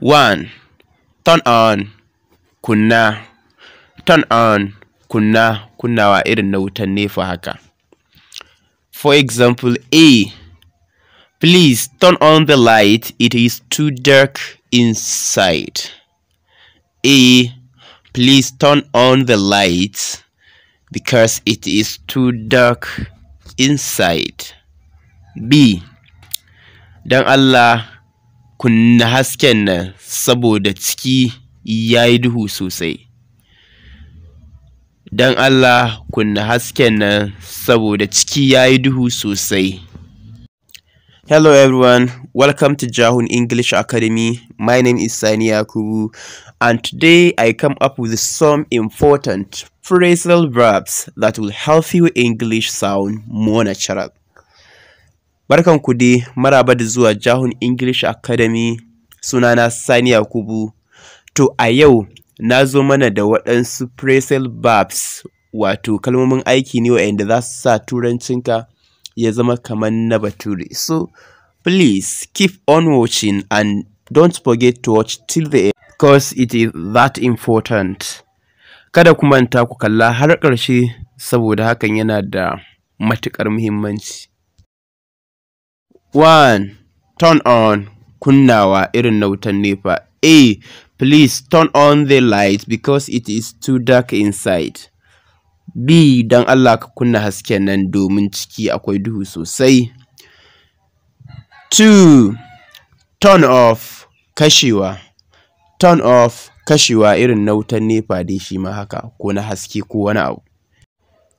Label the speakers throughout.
Speaker 1: 1. Turn on, kunna. Turn on, kunna, wa irin na wutan haka. For example, A. Please turn on the light, it is too dark inside. A. Please turn on the light because it is too dark inside. B. Dan Allah kunna hasken nan saboda ciki ya yi duhu sosai don Allah kunna hasken nan saboda ciki ya yi duhu sosai Hello everyone, welcome to Jahun English Academy. My name is Sani Yakubu and today I come up with some important phrasal verbs that will help your English sound more natural. Barkan ku dai maraba da zuwa Jahun English Academy sunana Sani Yakubu. To a yau na zo mana da waɗansu presel verbs wato kalmomin aiki ne waɗanda za su sa turancinka ya zama kamar na bature. So please keep on watching and don't forget to watch till the end because it is that important. Kada ku manta ku kalla har ƙarshe saboda hakan yana da matuƙar muhimmanci. One, Turn on kunnawa irin na wutan nefa. A. Please turn on the light because it is too dark inside. B. Don Allah ka kunna hasken nan domin ciki akwai duhu sosai. Two, Turn off kashewa. Turn off kashewa irin na wutan nefa dai shi ma haka ko na haske ko wani abu.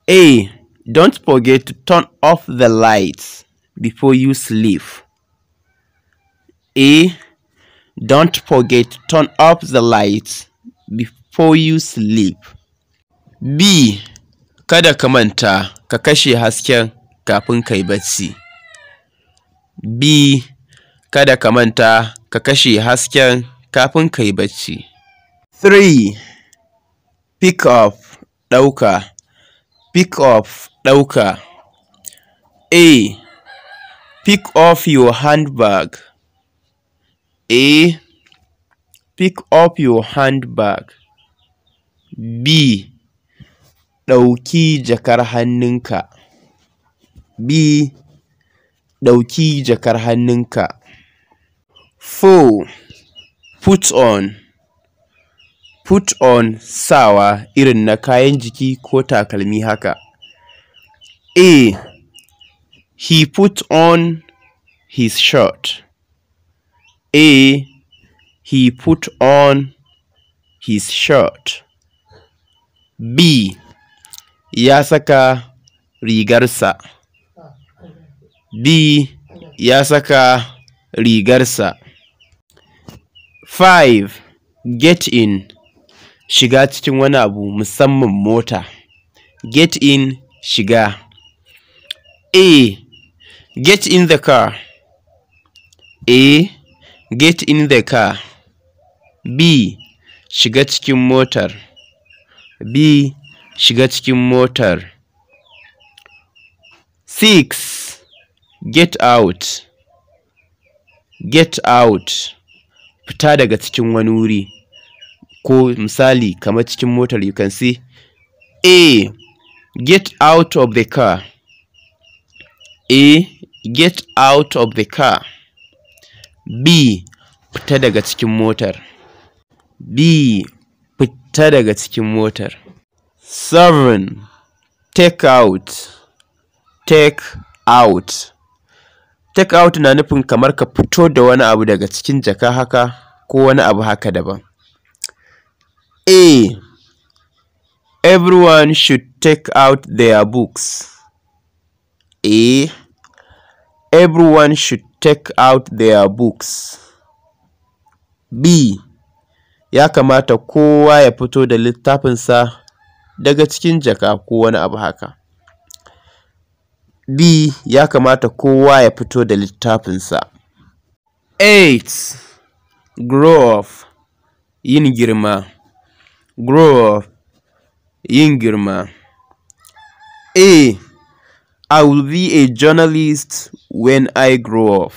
Speaker 1: A. Don't forget to turn off the lights. before you sleep. A. Don't forget turn off the lights before you sleep. B. Kada ka manta ka kashe hasken kafin ka yi bacci. B. Kada ka manta ka kashe hasken kafin ka yi bacci. 3. Pick up ɗauka. Pick up ɗauka. A. Pick up your handbag. A. Pick up your handbag. B. Ɗauki jakar hannunka. B. Ɗauki jakar hannunka. 4. Put on. Put on sawa irin na kayan jiki ko takalmi haka. A. He put on his shirt. A. He put on his shirt. B. Ya saka rigarsa. B. Ya saka rigarsa. Five. Get in. Shiga cikin wani abu musamman mota. Get in, shiga. A. Get in the car. A. Get in the car. B. Shiga cikin motar. B. Shiga cikin motar. 6. Get out. Get out. Fita daga cikin wani wuri. Ko misali kamar cikin motar you can see A. Get out of the car. A. Get out of the car. B. Fita daga cikin motar. B. Fita daga cikin motar. 7. Take out. Take out. Take out na nufin kamar ka fito da wani abu daga cikin jaka haka ko wani abu haka daban. A. Everyone should take out their books. A. Everyone should take out their books. B. Ya kamata kowa ya fito da littafinsa daga cikin jaka ko wani abu haka. B. Ya kamata kowa ya fito da littafinsa. 8. Grow up. Yin girma. Grow up. Yin girma. A. I will be a journalist when I grow up.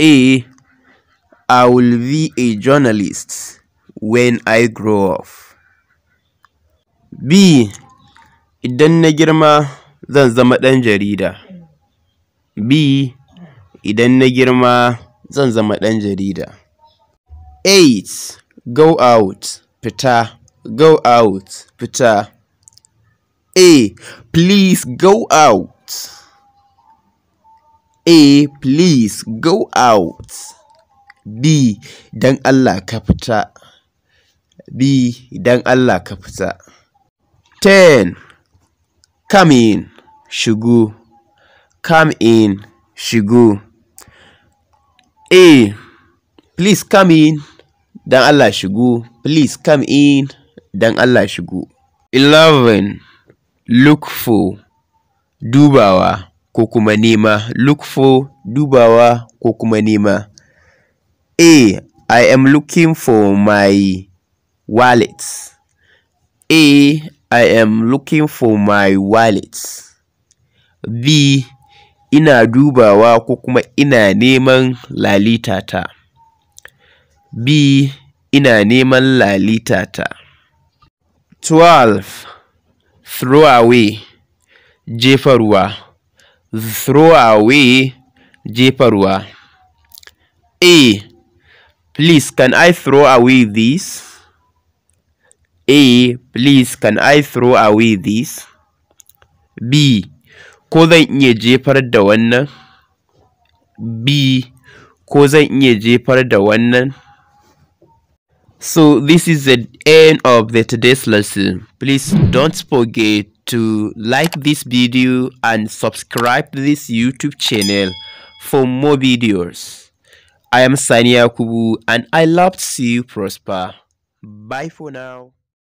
Speaker 1: A. I will be a journalist when I grow up. B. Idan na girma zan zama jarida. B. Idan na girma zan zama jarida. 8. Go out, fita, go out, fita. A. Please go out. A. Please go out. B. Dan Allah ka fita. B. Dan Allah ka fita. 10. Come in. Shigo. Come in. Shigo. A. Please come in. Dan Allah shigo. Please come in. Dan Allah shigo. 11. Look for dubawa ko kuma nema. Look for dubawa ko kuma nema. A I am looking for my wallet. A I am looking for my wallet. B ina dubawa ko kuma ina neman lalita ta. B ina neman lalita ta. throw away jefarwa throw away jefarwa a please can i throw away this a please can i throw away this b ko zan iya jefar da wannan b ko zan iya jefar da wannan so this is the end of the today's lesson please don't forget to like this video and subscribe this youtube channel for more videos i am sania kubu and i love to see you prosper bye for now